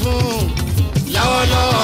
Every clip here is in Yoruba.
fún lọ́wọ́lọ́wọ́.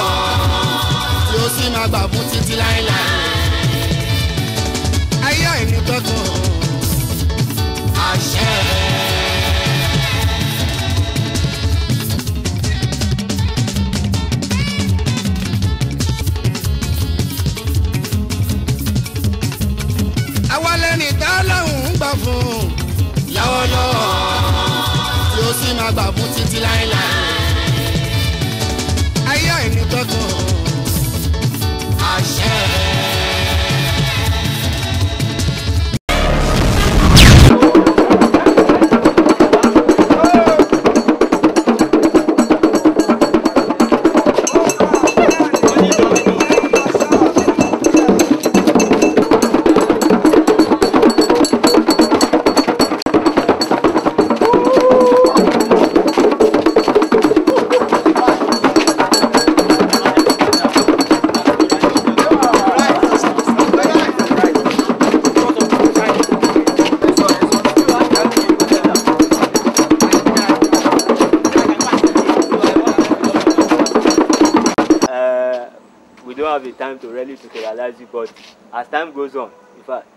But as time goes on, in fact,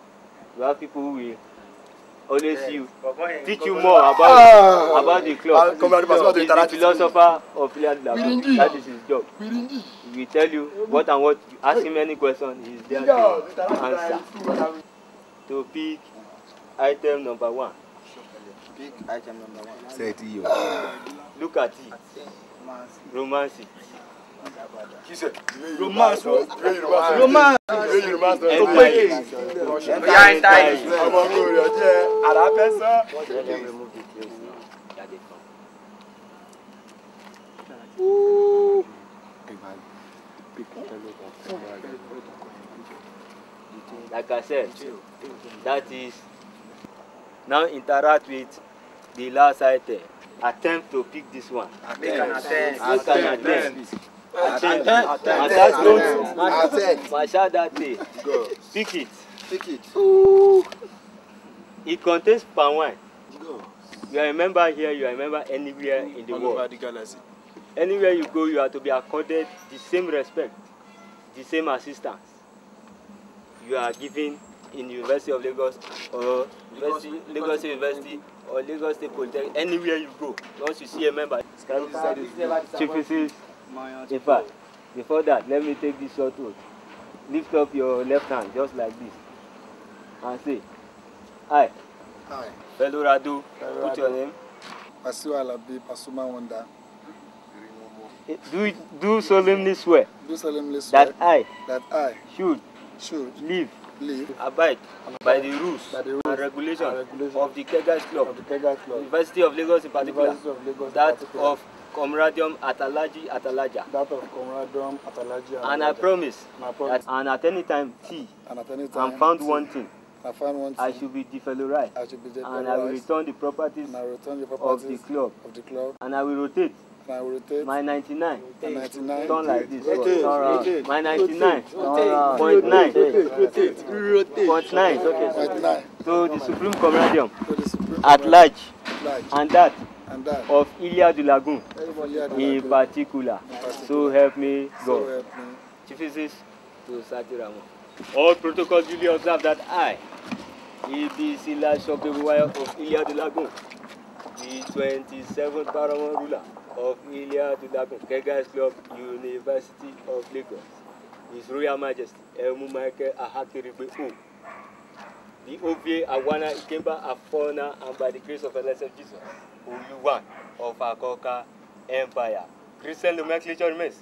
you have people who will always yes. you teach you more about ah, about the club. He's the, the philosopher of Finland Laban. That is his job. He will tell you what and what. You ask him any question, he's there to answer. To pick item number one. Pick item number one. Say it Look at it. Romance Like I said, that is now interact with the last item. Attempt to pick this one. Attempt. Attempt. Attempt. Attempt. Attempt. Attach, don't. Masha that day. Pick it. Pick it. Ooh. It contains palm wine. You are a member here, you are a member anywhere in the All world. the Anywhere you go, you are to be accorded the same respect, the same assistance. You are given in University of Lagos or University, Lagos University or Lagos State Polytechnic, anywhere you go, once you see a member. Chief In fact, before that, let me take this short road. Lift up your left hand just like this and say, Hi. Hi. Fellow Radu, Fellow what's your name? Pasuma Alabi, Pasuma Wanda. Eh, do, do solemnly swear. Do solemnly swear. That I. That I. Should. Should. Live. Live. Abide. by the rules. By the rules and regulations, and regulations of the Kegas Club. Of the Kegas Club. University of Lagos in particular. University of Lagos that in particular. of Comradium Atalaji Atalaja. That of Comradium Atalaji Atalaja. And I promise, and I promise. That, and at any time, T, and at any time, I'm found one thing. I found one thing. I should be defellowrized. I should be defellowrized. And I will return the properties, and I return the properties of, the club. of the club. And I will rotate. I will rotate. My 99. My 99. Turn like this. Rotate. Turn My 99. Rotate. Point 9. Rotate. Rotate. Point 9. Point 9. To the Supreme Comradium. To the Supreme At large. At large. And that of Ilia de Lagoon in particular. So help me God. Chief Physicist to Satiramo. All protocols duly observed that I, EBC Last Shop of de Lagoon, the 27th paramount ruler of Ilia de Lagoon, Kegas Club, University of Lagos, His Royal Majesty, Emu Michael Ahatirigbe O. The OVA Awana Ikemba Afona and by the grace of the Blessed Jesus. Oluwan of Akoka Empire. Christian nomenclature remains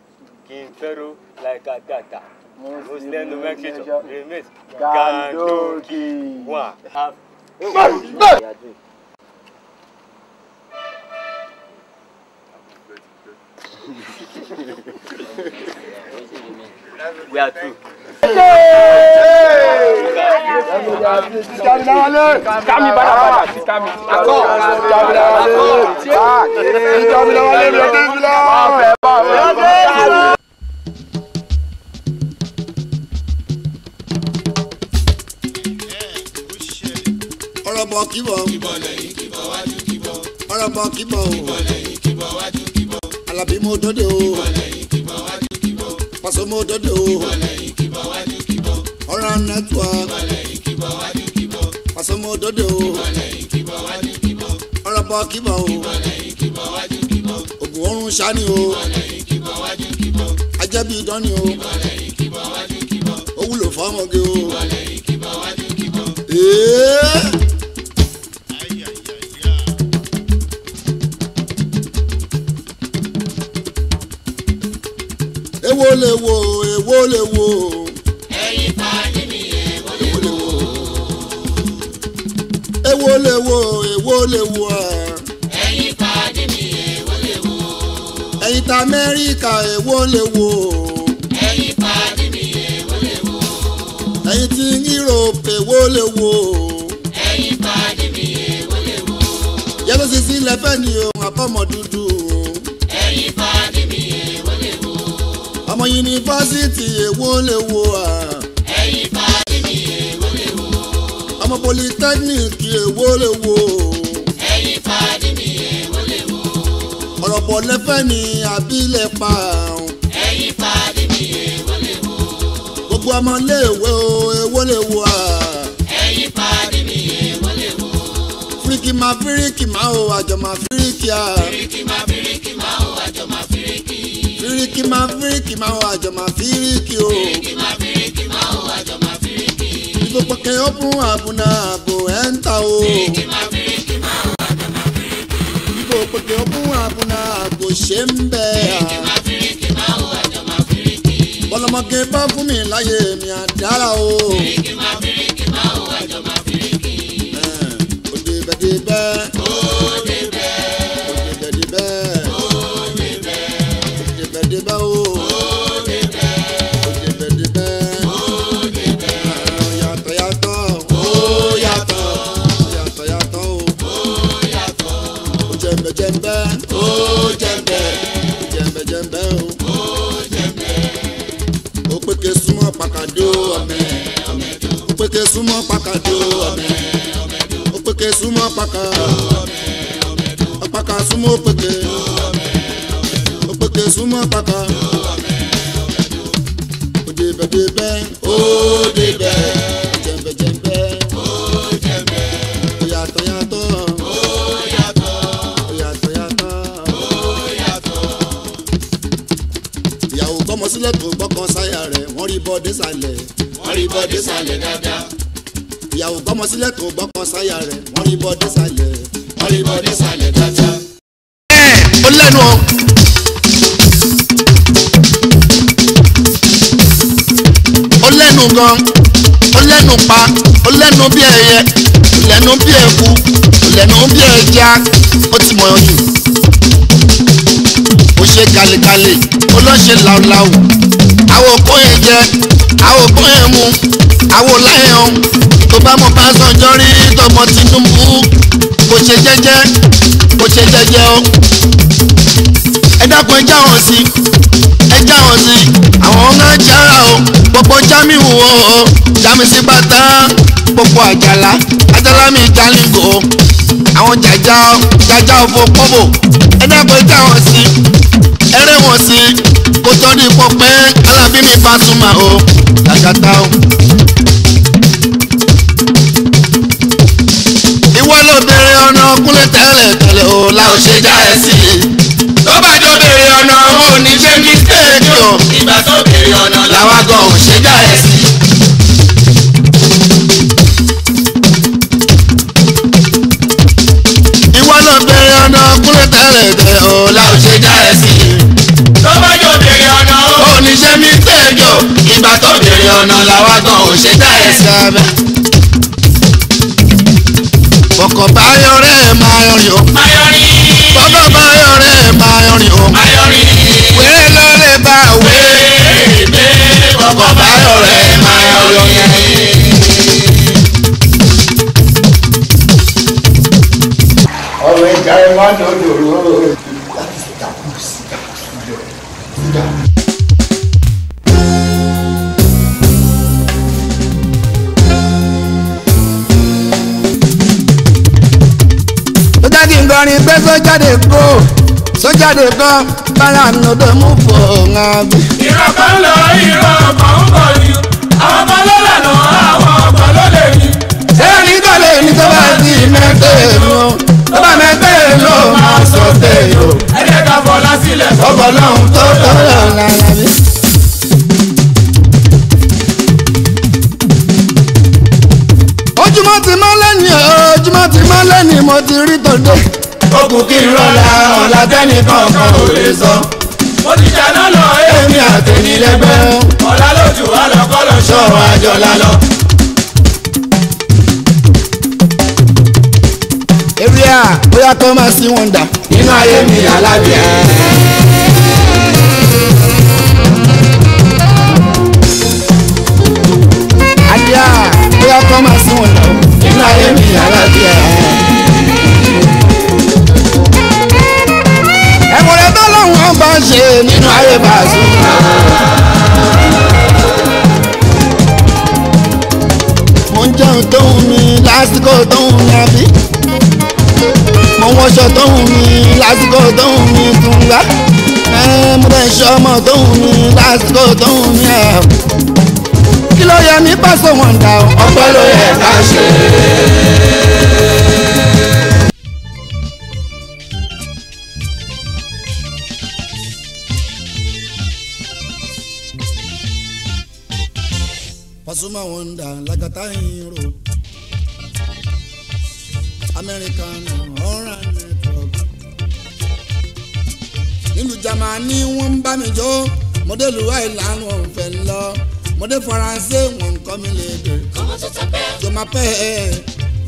Kinfero Laikagata. Muslim nomenclature remains Gandoki. One. we are two. Kamilawale. Kami bada bada ti kami. Akọ. Kamilawale. Kamilawale mi o den bila. Bafẹ bafẹ. Mi o den bila. Ọ̀rọ̀bọ̀ kíbọ̀. Kíbọ̀ lẹ́yìn kíbọ̀ wájú kíbọ̀. Ọ̀rọ̀bọ̀ kíbọ̀ o. Kíbọ̀ lẹ́yìn kíbọ̀ wájú kíbọ̀. Àlàbí mo dóde o. Kíbọ̀ lẹ́yìn kíbọ̀ wájú kíbọ̀. Pàṣẹ mo dóde o. Kíbọ̀ lẹ́yìn. Ọ̀ràn network. ìbàlẹ̀ ìkìbọ̀ wájú kìbọ̀. Pasuma òdòdó o. ìbàlẹ̀ ìkìbọ̀ wájú kìbọ̀. ọ̀rọ̀ bọ̀ kìbọ̀ o. ìbàlẹ̀ ìkìbọ̀ wájú kìbọ̀. ògùn oorun ṣáni o. ìbàlẹ̀ ìkìbọ̀ wájú kìbọ̀. ajẹ́bí idán ni o. ìbàlẹ̀ ìkìbọ̀ wájú kìbọ̀. ó wúlò fọ́mọge o. ìbàlẹ̀ ìkìbọ̀ wájú kìbọ̀. èèyàn. wo èwo lè wo. lè wò ẹ́. ẹ̀yin pàdé mi èwo lè wò. ẹ̀yin ta Amẹ́ríkà èwo lè wò. ẹ̀yin pàdé mi èwo lè wò. ẹ̀yin ti Europe èwo lè wò. ẹ̀yin pàdé mi èwo yẹ́tọ́ sísí lẹ́fẹ̀ ni òun àbọ̀mọ̀ dúdú. ẹ̀yin pàdé mi èwo lè ọmọ yunifásitì èwo lè wò ẹ́. ẹ̀yin pàdé mi èwo ọmọ polytechnic èwo lè ọ̀pọ̀ lẹ́fẹ́ ni àbílẹ̀ pa àrùn. ẹ̀yin pàdé mi èwo lè wo. gbogbo ọmọ lè wo èwo lè wo à. ẹ̀yin pàdé mi èwo lè wo. fíríkì máa fíríkì máa o àjọ ma fíríkì à. fíríkì máa fíríkì máa o àjọ ma fíríkì. fíríkì ma fíríkì ma o àjọ ma fíríkì o. fíríkì máa fíríkì máa o àjọ máa fíríkì. gbogbo kẹ́ ó fún àbùnà àbò ẹ̀ ń ta o. fíríkì máa fíríkì máa o àjọ máa fíríkì. gbogbo kẹ́ ó fún àbùnà ṣe ń bẹ̀. èdè máa fi rí kí máa wọ àjọ máa fi rí kí. bọ́lọ́mọge bá fún mi láyé mi àdára o. èdè máa fi mọ́ pàkọ́. òdebẹ̀debẹ̀ ó débẹ̀. jẹ̀mbẹ̀jẹ̀mbẹ̀ ó jẹ̀mbẹ̀. òyàtọ̀yàtọ̀ ó yàtọ̀. òyàtọ̀yàtọ̀ ó yàtọ̀. ìyàwó gbọ́mọ sílẹ̀ tó gbọ́kan sáyà rẹ̀ wọ́n rí bọ́ọ̀dé sàlẹ̀. wọ́n rí bọ́ọ̀dé sàlẹ̀ dáadáa. ìyàwó gbọ́mọ sílẹ̀ tó gbọ́kan sáyà rẹ̀ wọ́n rí bọ́ọ̀dé sàlẹ̀. láúláú àwọn òkú ẹ̀ jẹ àwọn òkú ẹ̀ mu àwọn láyẹ̀ hàn tó bá mọ Ọbásanjọ́ rí tọmọ Tinubu kò ṣe jẹ́jẹ́ kò ṣe jẹ́jẹ́ o ẹ dákun ẹ já wọn sí ẹ já wọn sí àwọn ọmọ ajá o pọpọ Jamiu o Jamisi bàtà pọpọ àjàlá àjàlá mi jalingo àwọn jàjà jàjà òfò kọ́bò ẹ dákun ẹ já wọn sí. mama o ṣàṣàtà o. ìwọ ló béèrè ọ̀nà kúnlẹ̀ tẹ́lẹ̀ tẹ́lẹ̀ o oh, láò ṣe já ẹ sí i. tó bá jọ béèrè ọ̀nà mo ní ṣe mistake o. Oh. ìgbà tó béèrè ọ̀nà làwọn gan ò ṣe já ẹ sí i. sabe sójà dey go sójà dey go para no dey move for ngabi. ìran kan lọ ìran ń bọ̀ ni àwọn kan ló lànà àwọn kan ló lè ní. sẹ́ni tó lè ní tó bá di mẹ́tẹ̀ẹ̀mù tó bá mẹ́tẹ̀ẹ̀mù máa sọ tẹ̀yọ̀. ẹ jẹ́ ká fọlá sílẹ̀ fọ́bọ̀ lọ́hùn tó tọ́lọ̀ lálẹ́. ojúmọ́ ti mọ́ lẹ́ni ojúmọ́ ti mọ́ lẹ́ni mo ti rí tòde ó kù kí n rọ́lá ọ̀la tẹ́nìkan kan ò lè sọ. mo ti dáná lọ èmi àtẹnilẹ́gbẹ́ ọ̀la lójú wa lọ kọ́ lọ ṣọ́ọ̀ àjọlá lọ. èrè à bóyá kó máa sí wọn dà. nínú ayé mi alábìá. àdìá bóyá kó máa sí wọn dà. nínú ayé mi alábìá. ń ṣe nínú ayé Pasuma. mo ń jẹun tó ń mi lásìkò tó ń mi àbí mo ń wọṣọ tó ń mi lásìkò tó ń mi tún wá mo bẹ ṣe ọmọ tó ń mi lásìkò tó ń mi ẹ̀ kí ló yẹ ní pásọ̀ wọn dà ló yẹ ká ṣe Pasuma Wonder Lagata Hero American ọ̀ràn network. nílùú Jámánì wọ́n ń bá mi jó mọ́dẹ́lù àìlànà ọ̀fẹ́ lọ mọ́dẹ́ faransé wọ́n ń kọ́ mi lédè. kọ́mọ tó ta pẹ́. jọmọ pẹ́ ẹ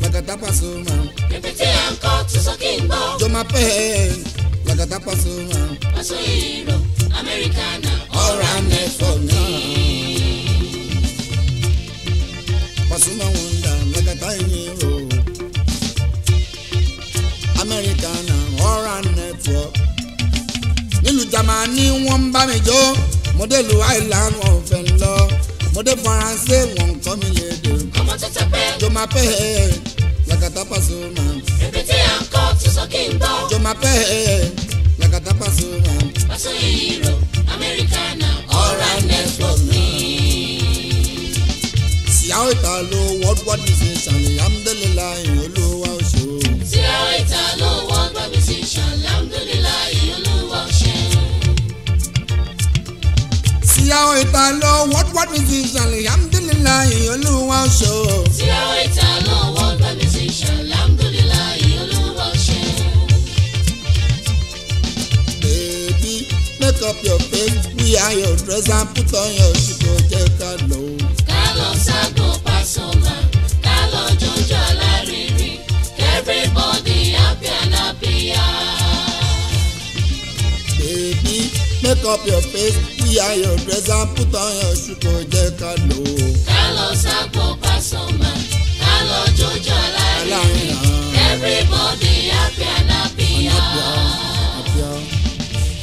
Lagata Pasuma. rẹpẹtẹ àǹkọ tó sọ kí n gbọ́. jọmọ pẹ́ ẹ Lagata Pasuma. Pasuma Hero American ọ̀ràn network. jamani wọ́n ń bá mi jó mo dé lu island wọn ò fẹ́ lọ mo dé faransé wọn ń kọ́ mi lédè. ọmọ tó tẹ pé. jọ máa pẹ́ ẹ́ Lakata Pasuma. ibi tí à ń kọ́ tó sọ kí n bọ́. jọ máa pẹ́ ẹ́ Lakata Pasuma. pàṣẹ ìrò amẹ́ríkà náà ọ̀rá network mi. síyáwó ìta ló world war disease àlè amúdélélá ìwọlú wa ó ṣòro. síyáwó ìta ló wọ́. o what what ìyàwó ìtàlọ́ wọ́dúwọ́dù ti ìṣàlẹ̀ yàmdìlélà ìyọlúwa ṣọ. ìyàwó ìtàlọ́ wọ́dúwọ́dù ti ìṣàlẹ̀ yàmdìlélà ìyọlúwa ṣọ. Baby, make up your face wear your dress and put on your shoe kò jẹ́ ká lọ. ká lọ ságo Make up your face, We are your dress and put on your shoe kò jẹ́ ká lò. Ká lọ sápò Pasuma, ká lọ Everybody happy and happy.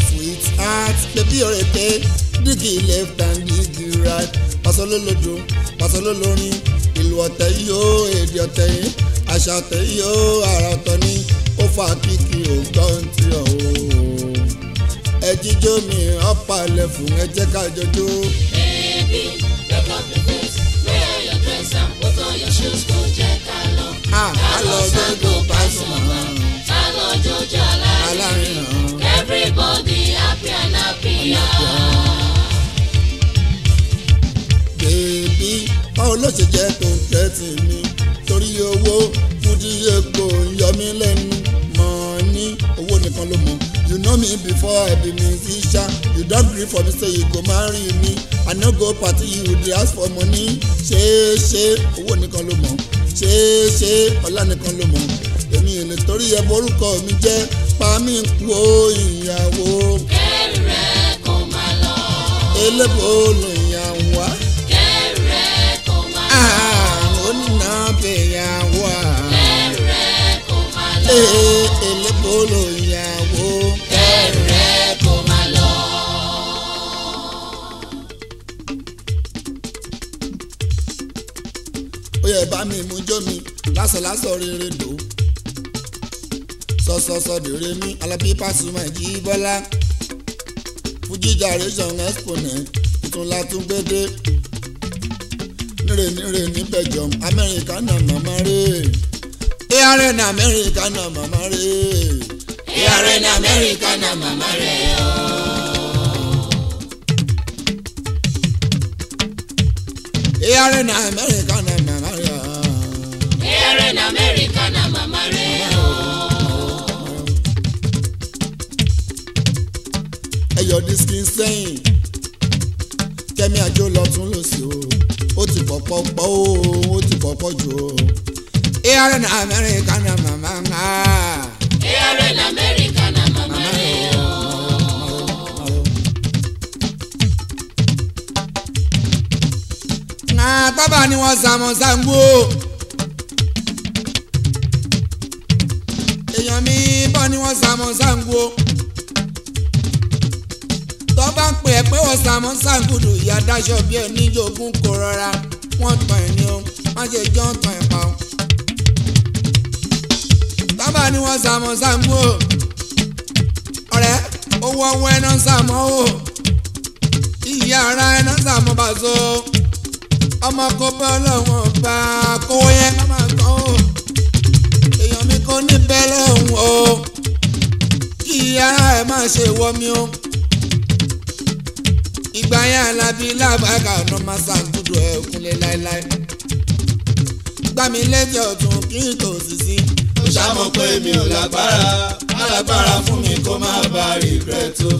Sweet heart, baby òrèké, dígì left and dígì right. Pàṣẹ lólodò, pàṣẹ lólórin, ìlú ọ̀tẹ̀ yìí ó oh, èdè ọ̀tẹ̀ yìí, àṣà ọ̀tẹ̀ yìí oh, àrà ọ̀tọ̀ ni, ó fa kíkì ògbọ́n tí ọ̀ o. Oh ẹ mi ọ̀pàlẹ̀ fún ẹ ká jọjó. baby break up your face wear your dress and put on your shoes kò jẹ́ ká lọ. ká lọ sango pasuma ká lọ jojo alárinà everybody happy and happy. baby báwo ló ṣe jẹ́ tó ń tẹ́tì mi torí owó fúdí epo ń yọ mí lẹ́nu me before i be musician you don gree for me say you go marry me i no go party you dey ask for money ṣe ṣe owó nìkan ló mọ̀ ṣe ṣe ọlá nìkan ló mọ̀ èmi ò lè torí ẹ borúkọ mi jẹ́ pa mí kú o ìyàwó. kẹ́rù rẹ kò máa lọ. elébò olùyàwó wa. kẹ́rù rẹ kò máa lọ. àrùn ah, onínàbẹ̀yàwó wa. kẹ́rù rẹ kò máa lọ. Eh, eh, elébò olùyàwó oyè bá mi mú jó mi lásọlásọ rere lò ó sọsọsọ dèrè mi alábí Pasuma jí bọ́lá fújì generation exponent tuntun látún gbédé nírè nírè ní belgium amẹ́ríkà náà màmá rè é arn amẹ́ríkà náà màmá rè ìyá rẹ̀ ní amẹ́ríkà náà màmá rẹ̀ o. ìyá rẹ̀ ní amẹ́ríkà náà màmá rẹ̀ o. ìyá rẹ̀ ní amẹ́ríkà náà màmá rẹ̀ o. ẹ yọ sẹ́yìn kẹ́mi àjò lọ́tún lọ́sì o ó ti pọ̀pọ̀ pọ̀ o ó ti pọ̀pọ̀ jù o. ìyá rẹ̀ ní amẹ́ríkà náà màmá rẹ̀ o ààrẹ lamẹ́ríkà na màmá na tábà ni wọ́n sàmọ̀ sàǹgbò. èèyàn mi bọ́ ni wọ́n sàmọ̀ sàǹgbò. tọ́ bá ń pè é pé wọ́n sàmọ̀ sàǹgùdù ìyá dáṣọ bí ẹ̀ níjogún kò rọra wọ́n tàn ẹ̀ ní o má ṣe jọ́ tàn ẹ̀ pa o bá ní wọ́n sàmọ́ sàmú o ọ̀rẹ́ owó ọwọ́ ẹ̀nà sàmọ́ o ìyá ara ẹ̀nà sàmọ́ bá so ọmọ kó bọ́ lọ́wọ́ gba kówó yẹn ká máa tán o èèyàn mi kò ní bẹ́ẹ̀ lọ́hùn o kí ìyá ẹ̀ má ṣe wọ́ o ìgbà yẹn alábí lábàgà ọ̀nà máa ṣàkóso ẹ̀kúnlẹ̀ láéláé gbàmílẹ́jẹ̀ ọ̀tún kí n tò sí sí tó ṣàmọ̀ pé mi ò lágbára alágbára fún mi kó má bá regret o.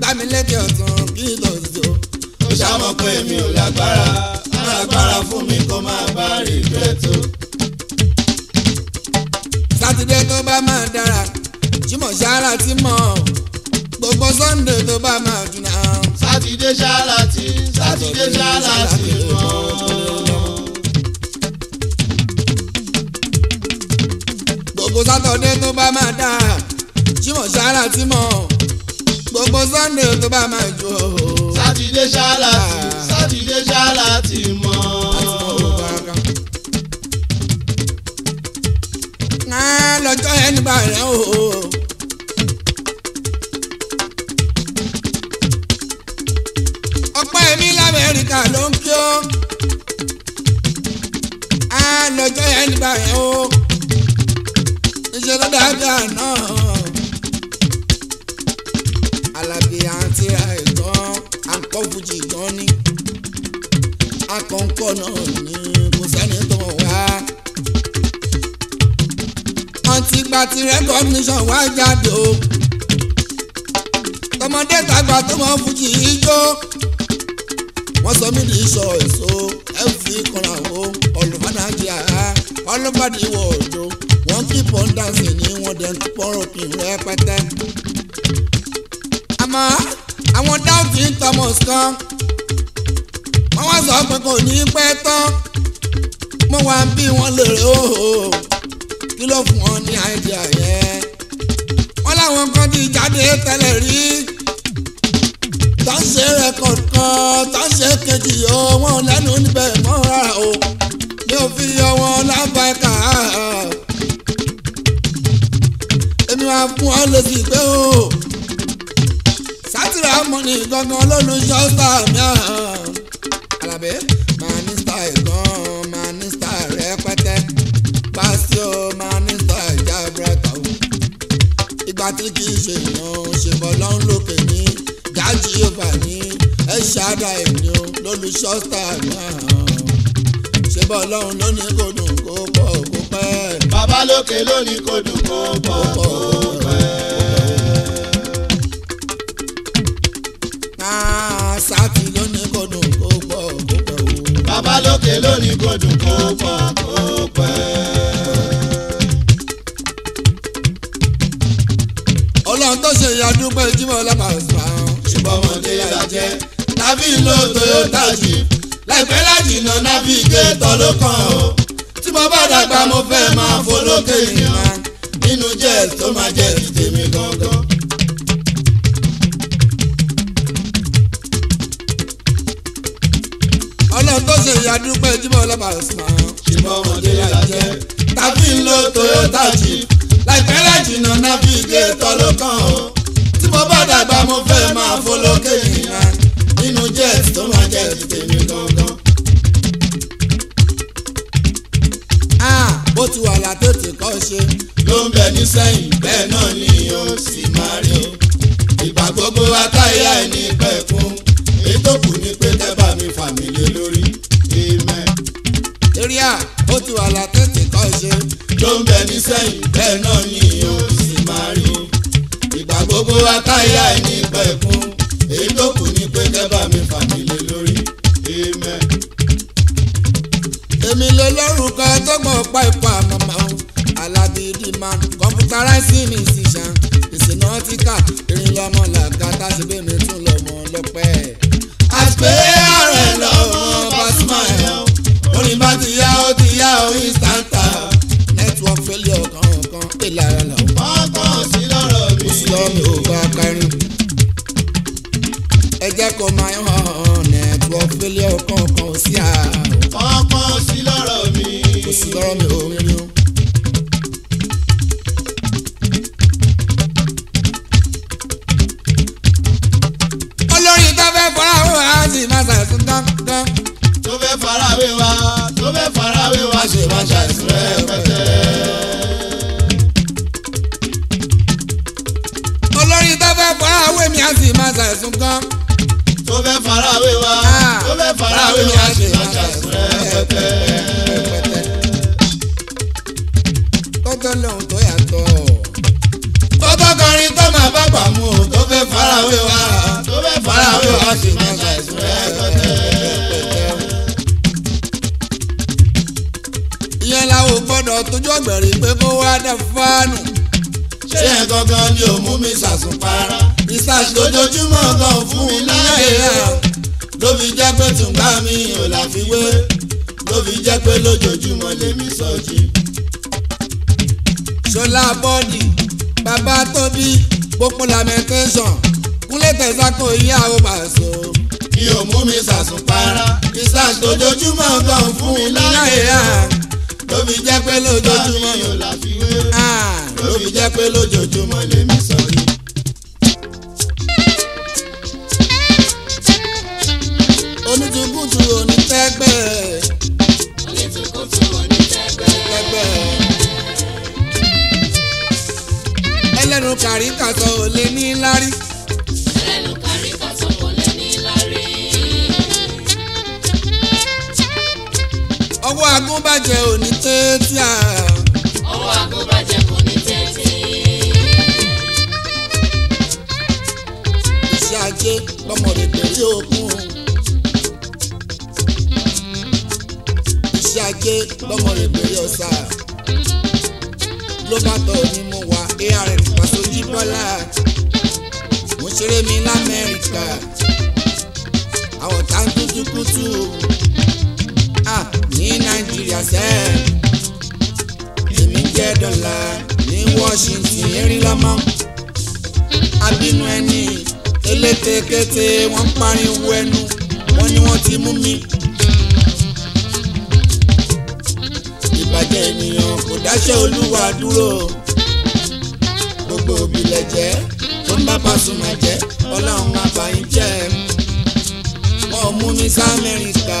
gbàmílẹ́kẹ̀ ah, ọ̀tún kí ló ṣe o. ṣàmọ̀ pé mi ò lágbára alágbára fún mi kó má bá regret o. sátidé tó bá máa dára Jímọ̀ ṣáárà tí mọ̀ gbogbo Sunday tó bá máa dùn náà. sátidé ṣáárà tí sátidé ṣáárà tí mọ̀. gbogbo sátọ̀dé tó bá máa dà tí mo ṣára tí mo gbogbo sunday tó bá máa jó. sátidé ṣára tì sátidé ṣára tì mọ́. lọ́jọ́ ẹni bá rẹ̀ o. ọ̀pọ̀ ẹ̀mí lamẹ́ríkà ló ń kí ó. lọ́jọ́ ẹni bá rẹ̀ o ìṣẹ̀lẹ̀ dáadáa náà. Àlàbí àti àìtàn àǹkọ́ fújì gan ni akọ̀ǹkọ̀ náà ni kò sẹ́ni tó wá. àǹtí gba ti rẹ́kọ̀míṣàn wá jáde o tọmọdé tàgbà tó mọ fújì ijó wọ́n sọ mí ní sọ èso ẹ fi kanra wo olùfànàjì àá olùfàdíwọ̀ òjò wọ́n ti pọ̀ ń dànsẹ̀ ní wọ́n dẹ̀ ń pọ̀rọ̀ kì í rẹ́ pátá. àmọ́ àwọn dáùtì ń tọmọ̀ sàn wọ́n wá sọ pé kò ní pẹ́ tán mo wá ń bí wọn lèrè óhò kí ló fún wọn ní àìdíà yẹn wọ́n láwọn kan ti jáde tẹ́lẹ̀ rí tọ́sẹ̀ rẹ̀ kọ̀ọ̀kan tọ́sẹ̀ kejì o wọn ò lẹ́nu níbẹ̀ mọ́ o mi fi yọ wọn lábàá sátìrà mú ọ lè fi pé o sátìrà mọ ní gangan lónìí ṣọ́ọ́sà mi àhàn alábẹ́ máa ní style gan máa style rẹpẹtẹ pàṣẹ o máa style jábrẹ́tà o ìgbà tí kì í ṣe èèyàn ṣèbọ̀ lọ́n lókè ní gáàjì yorùbá ní ẹ ṣáàdà èmi o lónìí ṣọ́ọ́sà mi àhàn ṣèbọ̀ lọ́n lónìí kò dùn kó pọ̀ kó pẹ́ẹ́ bá lókè lónìí kò dùn kó bọ̀ kó pẹ́. sáàkì lónìí kò dùn kó bọ̀ kó pẹ́ o. bàbá lókè lónìí kò dùn kó bọ̀ kó pẹ́. ọlọ́run tó ṣe ìyàdún pé Jimoh lápapọ̀ ṣùgbọ́n wọn ní ìlàjẹ́ tàbí ìlú Toyota Jeep láìpẹ́ lájìnnà náfìgẹ́tọ̀ ló kàn ó mo bá dàgbà mo fẹ́ máa folókè ìyàn nínú jẹ́ tó máa jẹ́ ti mi gangan. ọlọ́run tó ṣe ìyàdúpẹ́ jímọ̀ ọlọ́mà ọ̀sán. ṣùgbọ́n ọmọdé yà jẹ́ tàbí ń lo Toyota Jeep láìpẹ́ lájìnà navigator ló kàn ó. tí mo bá dàgbà mo fẹ́ máa folókè ìyàn nínú jẹ́ tó máa jẹ́ ti tèmi gangan. tú àlà tó ti kọ́ ṣe. ló ń bẹ ní sẹ́yìn bẹ́ẹ̀ náà ni ó sì máa rí o. ìgbà gbogbo atáyà ẹni pẹ̀kún ètò kù ní pé dẹ́bà mi fà mí lé lórí. amen. eré à ó tú àlà tó ti kọ́ ṣe. ló ń bẹ ní sẹ́yìn bẹ́ẹ̀ náà ni ó sì máa rí o. ìgbà gbogbo atáyà ẹni pẹ̀kún ètò kù ní pé dẹ́bà mi fà lè lọ́rùn kan tó mọ̀ pa ipò àmọ̀mọ́ o alábí dìímà computerizing musician ìsìnàtìkà irin lọ́mọ làkàtà sí mi tún lọ́mọ ọlọ́pẹ́. àgbẹ̀ ààrẹ lọ́wọ́ Pasuma ẹ̀ orin bá ti yá ó ti yá ó ìsàntà network failure kan kan pè lára làwọn. wọ́n kọ́ sí lọ́rọ̀ mi. ó sì mi ò bá kárin. ẹ jẹ́ kó máa ń hàn network failure kan kan sí àárọ̀. wọ́n sí lọ́rọ̀ mi. esse nome, ô tójoojúmọ́ kan fún mi láyé à. agúnbàjẹ́ ò ní tẹ́tí à. ọwọ́ agúnbàjẹ́ kò ní tẹ́tí. iṣẹ́ ajé lọ́mọdé pẹ̀lú òkun. iṣẹ́ ajé lọ́mọdé pẹ̀lú ọ̀sà. ló bá tọ̀ ní mo wà arn pàṣẹ ojú bọ́lá. mo ṣeré mi lamẹ́ríkà. àwọn tá ń tuntun kútù ní nàìjíríà sẹ́ẹ̀ èmi jẹ́ dọ́là ní washington erin lọ́mọ abínú ẹni elétekete wọ́n pariwo ẹnu wọ́n ní wọ́n ti mú mi. ìbàjẹ́ ènìyàn kò dáṣẹ́ olúwa dúró gbogbo òbílẹ̀ jẹ́ tó ń bá Pasuma jẹ́ ọlọ́run àbáyé jẹ́ wọ́n mú mi sí amẹ́ríkà.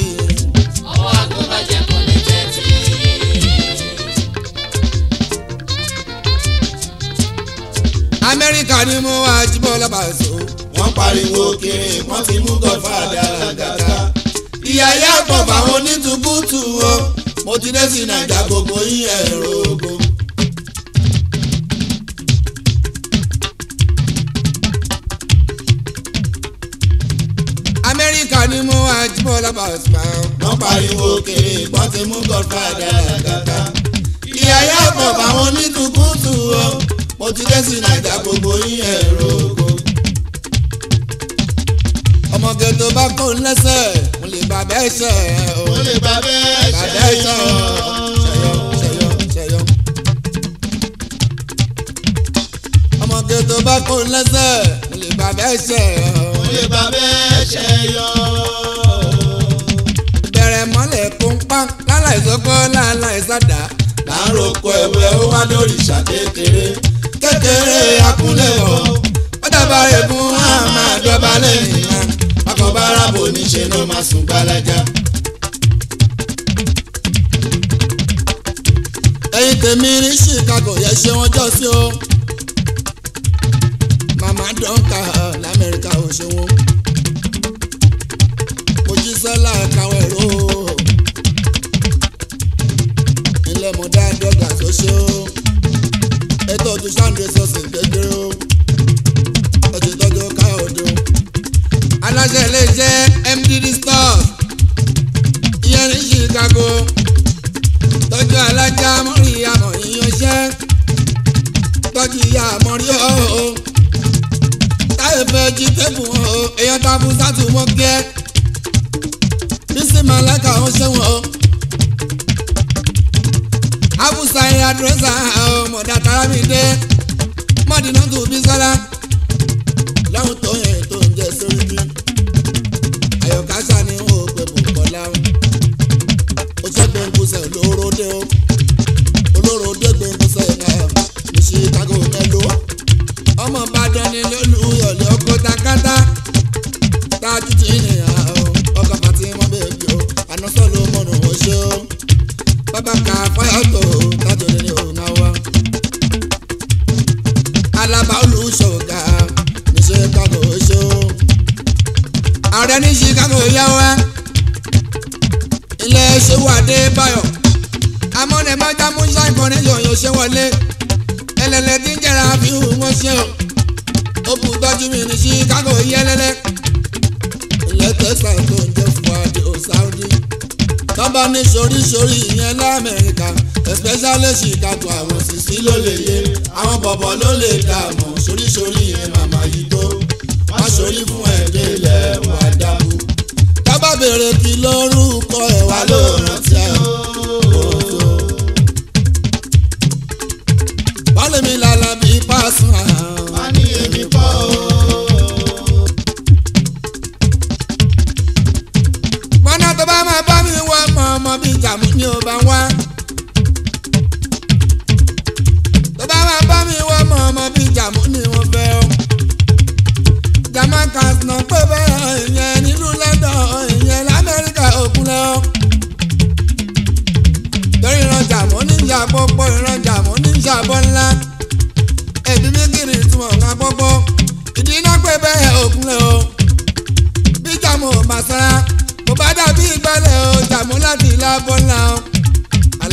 amẹ́ríkà ni mo Àjíbọ́lá Bàsó. wọ́n pariwo kiri wọ́n ti mú gọ́fàdà làgàtà. ìyá ìyá pọ̀ fáwọn onítùbùtù o mo ti dé sí nàìjà gbogbo yín ẹ̀rọ ogun. amẹ́ríkà ni mo Àjíbọ́lá Bàsó. wọ́n pariwo kiri wọ́n ti mú gọ́fàdà làgàtà. ìyá ìyá pọ̀ fáwọn onítùbùtù o mo ti dé sí naija gbogbo yín ẹ̀rọ oko. ọmọge tó bá kó lẹ́sẹ̀ mo lè bá bẹ́ẹ̀ ṣẹ̀ o. mo lè bá bẹ́ẹ̀ ṣẹ̀ o. ṣẹ̀yọ ṣẹ̀yọ ṣẹ̀yọ. ọmọge tó bá kó lẹ́sẹ̀ mo lè bá bẹ́ẹ̀ ṣẹ̀ o. mo lè bá bẹ́ẹ̀ ṣẹ̀yọ. bẹ̀rẹ̀ mọ́lẹ̀ kó ń pa láláìsọ́kọ́ láláìsàdá. láàárọ̀ kọ ẹ̀wẹ̀ ó wá lórí ìṣàkékeré kékeré akunlẹ̀ ọ̀ ọ̀dàbà ẹ̀bùn àmà àjọba lẹ́yìn náà akọ̀bá arábò níṣẹ́ ló máa sùn gbalaja. ẹ̀yin tèmi rí Chicago yẹ ṣe wọ́n jọ sí o màmá dọ́ńkà lamẹ́ríkà ò ṣe wọ́n mo jí sọ́lá káwọn ẹ̀rọ ilé mọ̀dá dọ́gà tó ṣe o ti ṣáǹdé sọ́sìn kékeré o ó ti tọ́jú káyọ̀dé o. aláṣẹ ilé iṣẹ́ MDD stores ìyẹn ní Chicago tọ́jú alájà mọ́rin àmọ̀ ìyanṣẹ́ tọ́jú ìyá àmọ́rí ọ̀hún táyọ̀ fẹ́ jí tẹ́gùn ọ̀hún a fún sátúmọ̀ kẹ́ bí sì máa lẹ́ka ọ̀hún ṣẹ́wọ̀n ọ̀hún. Abusa adrosa oh, mọ̀dà taramide mọ̀dínà tó bí sọ́lá lọ́hùn tó yẹ tó ń jẹ sórí bí ayọ̀kásá ni ó pè mọ̀ kọ́lá ó sọ gbẹ̀ngùsẹ̀ olóró de o olóró dé gbẹ̀ngùsẹ̀ ẹ̀ ní ọmọ Ìbàdàn ni lólùyọ̀lẹ̀ ọkọ̀ takátá tájú tí nìyà ọkọ̀ fàtí mọ́ o bàbá ka fáyọ̀tò kájọ lè ò máa wá. Alaba olùṣọ̀gà ní Chicago ṣó. ààrẹ ní Chicago yáwẹ́ ilé ṣéwádé báyọ̀ amọ́nẹ̀mọ́já musa ìkànnì yọ̀yọ̀ ṣe wọlé ẹlẹ́lẹ́ tí ń jẹ́ra fi hù wọ́n ṣe o ó bu tọ́jú mi ní Chicago yẹ́lẹ́lẹ́ ilé tẹ̀sán tó ń jẹ́ fún wa di o sáwùdí tọ́ba ní sorísorí ìyẹn lamẹ́ríkà especially Chicago àwọn sìsí ló lè yé àwọn bọ̀bọ̀ ló lè dààmú sorísorí ìyẹn màmá yìí tó má sorí fún ẹ̀dẹ́ ilẹ̀ wàdàbù. tọ́ba béèrè kí lórúkọ ẹ̀ wá ló rántí ẹ̀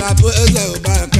alábòsẹ̀ ò bá kú.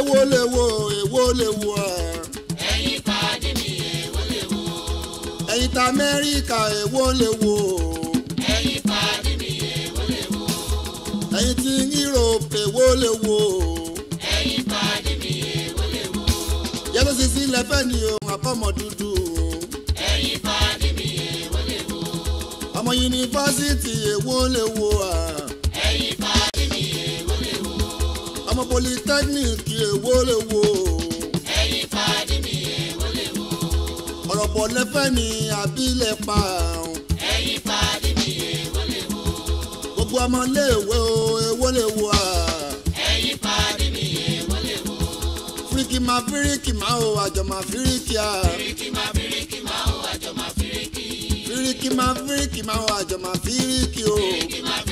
èwo lè wo èwo lè wo à. ẹ̀yin pàdé mi èwo lè ta Amẹ́ríkà èwo lè pàdé mi èwo lè ti Europe èwo lè wo. ẹ̀yin pàdé mi èwo lè wo. yẹ́tọ́ sísí lẹ́fẹ̀ẹ́ ni ohun àkọ́mọ̀ dúdú. ẹ̀yin pàdé mi èwo ọmọ yunifásitì èwo lè wo polytechnic èwo lè wo. ẹ̀yin pàdé mi èwo lè wo. ọ̀rọ̀ pọ̀ lẹ́fẹ̀ ni àbílẹ̀ pa àrùn. ẹ̀yin pàdé mi èwo lè wo. gbogbo ọmọ lè wo èwo lè wo à. ẹ̀yin pàdé mi èwo lè wo. fíríkì ma fíríkì máa o àjọ máa fíríkì à. fíríkì máa fíríkì ma o àjọ ma fíríkì. fíríkì máa fíríkì ma o àjọ ma fíríkì o. fíríkì máa fíríkì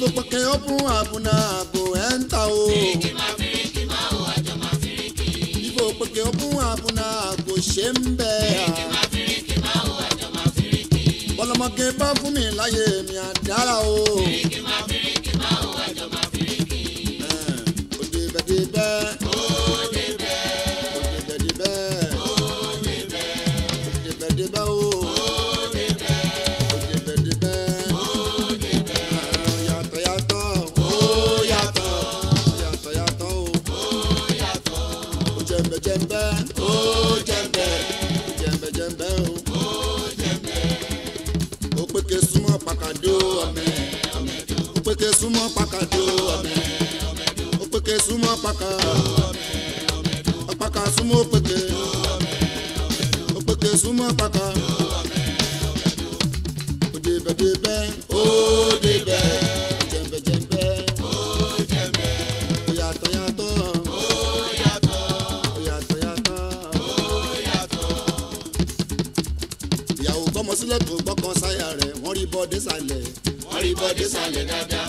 go poke open abuna go enter o. Firiki ma firiki ma o abuna go ṣe ń bẹ̀. bá fún mi láyé mi àdára o. Firiki ma firiki. peke súnmọ́ paka paka súnmọ́ peke peke súnmọ́ paka òdebẹdebẹ òdebẹ jẹmbẹjẹmbẹ òyàtọ̀yàtọ̀ òyàtọ̀yàtọ̀ ìyàwó kọ́mọ sílẹ̀ kò gbọ́kàn sáyà rẹ̀ wọ́n rí bọ́ọ̀dé sálẹ̀ wọ́n rí bọ́ọ̀dé sálẹ̀ dáadáa.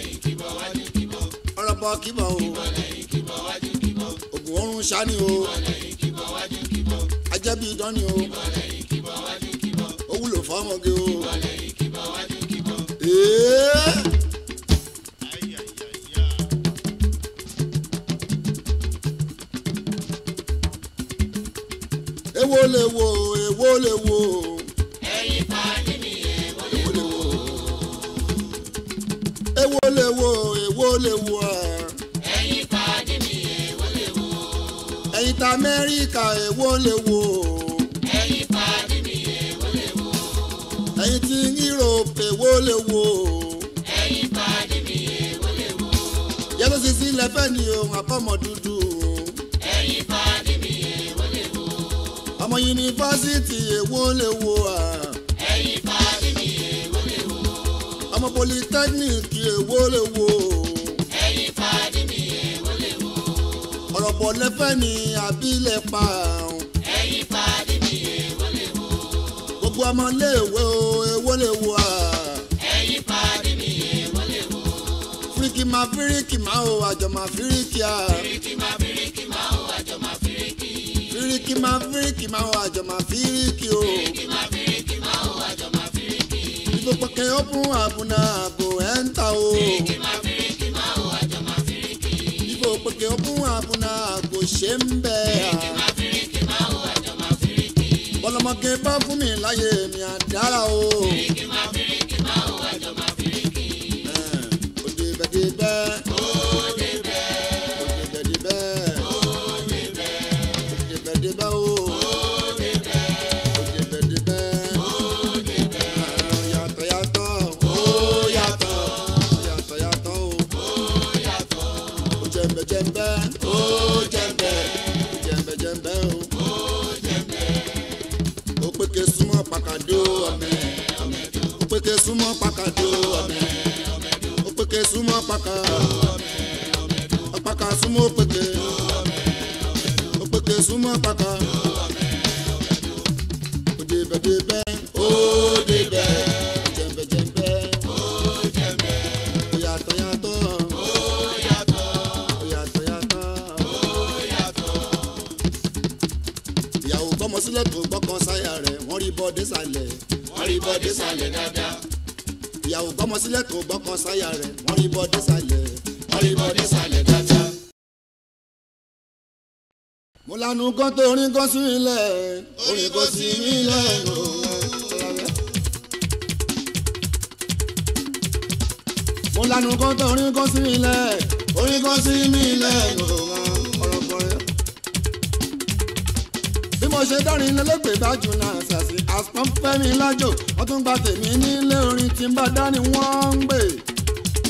pọ̀ kíbọ̀ o. ògùn oorun ṣáni o. ajẹ́bí idán ni o. ó wúlò fọ́mọge o. ee. yunifásitì èwo lè wo à. ẹ̀yin fásitì èwo lè wo. ọmọ polytechnic èwo lè wo. ẹ̀yin fásitì èwo lè wo. ọ̀rọ̀ bọ̀ lẹ́fẹ̀ ni àbílẹ̀ pa. ẹ̀yin fásitì èwo lè wo. gbogbo ọmọ lè wo èwo lè wo à. ẹ̀yin fásitì èwo lè wo. fíríkì máa fíríkì máa o àjọ máa fíríkì à. fíríkì máa fíríkì fíríkì máa fíríkì máa wọ àjọ máa fíríkì o. fíríkì máa fíríkì máa wọ àjọ máa fíríkì. ìbò pọkẹ ọ̀bùn àbùnà àbò ẹ̀ ń ta o. fíríkì máa fíríkì máa wọ àjọ máa fíríkì. ìbò pọkẹ ọ̀bùn àbùnà àbò ṣe ń bẹ̀. fíríkì máa fíríkì máa wọ àjọ máa fíríkì. bọ́lọmọkẹ bá fún mi láyé mi àdára o. fíríkì máa fíríkì. mọ́ kankan. ó débẹ̀ débẹ̀. ó débẹ̀. jẹ̀mbẹ̀ jẹ̀mbẹ̀. ó jẹ̀mbẹ̀. ó yàtọ̀ yàtọ̀. ó yàtọ̀. ó yàtọ̀ yàtọ̀. ó yàtọ̀. ìyàwó tọmọ sílẹ̀ tó gbọ́kàn sáyà rẹ̀ wọ́n rí bọ́ désàlẹ̀. wọ́n rí bọ́ désàlẹ̀ dáadáa. ìyàwó tọmọ sílẹ̀ tó gbọ́kàn sáyà rẹ̀ lanu kan tó orin kan sún ilẹ̀ orin kan sí mi lẹ́nu. mo lanu kan tó orin kan sún ilẹ̀ orin kan sí mi lẹ́nu. bí mo ṣe dọ́rin lẹ́lẹ́gbẹ̀ẹ́ bá jù náà ṣàṣì àpọ́n fẹ́mi lájò wọ́n tún gba tèmi nílé orin tí n bá dání wọ́n ń gbè.